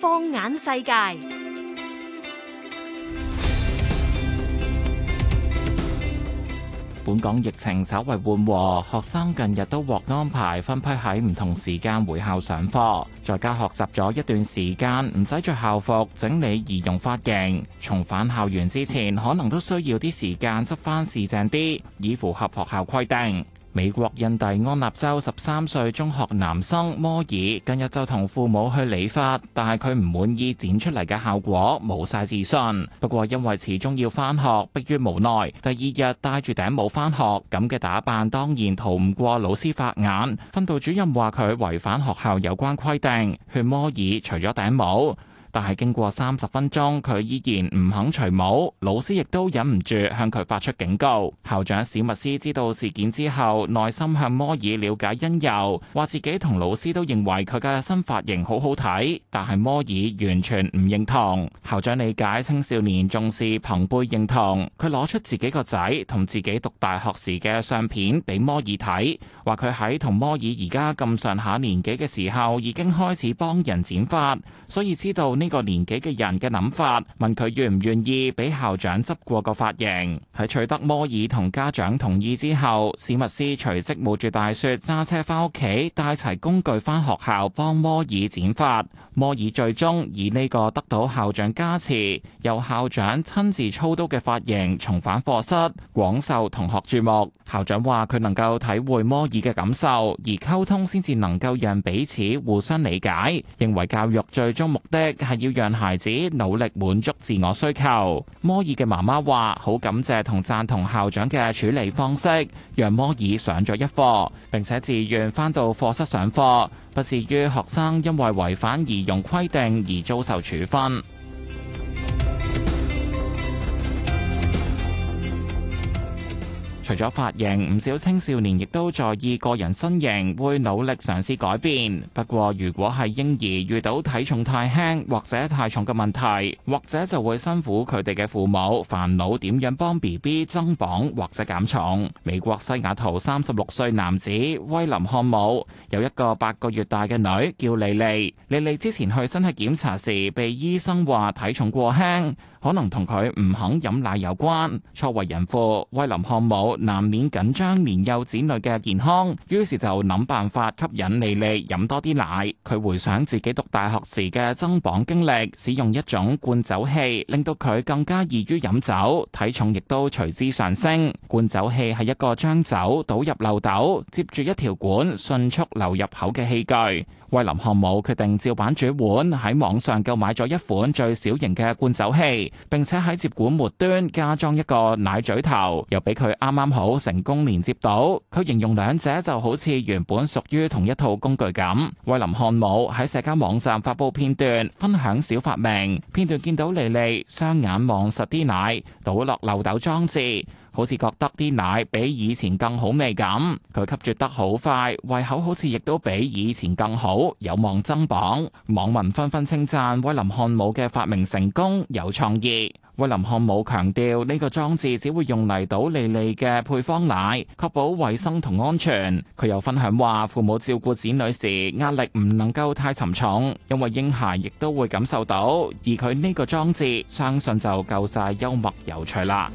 放眼世界，本港疫情稍為緩和，學生近日都獲安排分批喺唔同時間回校上課。在家學習咗一段時間，唔使着校服，整理儀容髮型。重返校園之前，可能都需要啲時間執翻四正啲，以符合學校規定。美國印第安納州十三歲中學男生摩爾近日就同父母去理髮，但係佢唔滿意剪出嚟嘅效果，冇晒自信。不過因為始終要返學，迫於無奈，第二日戴住頂帽返學。咁嘅打扮當然逃唔過老師法眼。訓導主任話佢違反學校有關規定，勸摩爾除咗頂帽。但係經過三十分鐘，佢依然唔肯除帽，老師亦都忍唔住向佢發出警告。校長史密斯知道事件之後，耐心向摩爾了解因由，話自己同老師都認為佢嘅新髮型好好睇，但係摩爾完全唔認同。校長理解青少年重視朋輩認同，佢攞出自己個仔同自己讀大學時嘅相片俾摩爾睇，話佢喺同摩爾而家咁上下年紀嘅時候，已經開始幫人剪髮，所以知道。呢個年紀嘅人嘅諗法，問佢願唔願意俾校長執過個髮型。喺取得摩爾同家長同意之後，史密斯隨即冒住大雪揸車翻屋企，帶齊工具翻學校幫摩爾剪髮。摩爾最終以呢個得到校長加持，由校長親自操刀嘅髮型，重返課室，廣受同學注目。校長話佢能夠體會摩爾嘅感受，而溝通先至能夠讓彼此互相理解，認為教育最終目的，係要讓孩子努力滿足自我需求。摩爾嘅媽媽話好感謝同贊同校長嘅處理方式，讓摩爾上咗一課，並且自願返到課室上課，不至於學生因為違反儀容規定而遭受處分。除咗髮型，唔少青少年亦都在意個人身形，會努力嘗試改變。不過，如果係嬰兒遇到體重太輕或者太重嘅問題，或者就會辛苦佢哋嘅父母，煩惱點樣幫 BB 增磅或者減重。美國西雅圖三十六歲男子威林漢姆有一個八個月大嘅女叫莉莉，莉莉之前去身體檢查時，被醫生話體重過輕。可能同佢唔肯飲奶有關。初為人父，威林漢姆難免緊張年幼子女嘅健康，於是就諗辦法吸引莉莉飲多啲奶。佢回想自己讀大學時嘅增磅經歷，使用一種灌酒器，令到佢更加易於飲酒，體重亦都隨之上升。灌酒器係一個將酒倒入漏斗，接住一條管，迅速流入口嘅器具。威林漢姆決定照板煮碗，喺網上購買咗一款最小型嘅灌酒器。並且喺接管末端加裝一個奶嘴頭，又俾佢啱啱好成功連接到。佢形容兩者就好似原本屬於同一套工具咁。威林漢武喺社交網站發布片段，分享小發明。片段見到莉莉雙眼望實啲奶，倒落漏斗裝置。好似覺得啲奶比以前更好味咁，佢吸啜得好快，胃口好似亦都比以前更好，有望增磅。網民紛紛稱讚威林漢姆嘅發明成功，有創意。威林漢姆強調呢個裝置只會用嚟倒利利嘅配方奶，確保衛生同安全。佢又分享話，父母照顧子女時壓力唔能夠太沉重，因為嬰孩亦都會感受到。而佢呢個裝置，相信就夠晒幽默有趣啦。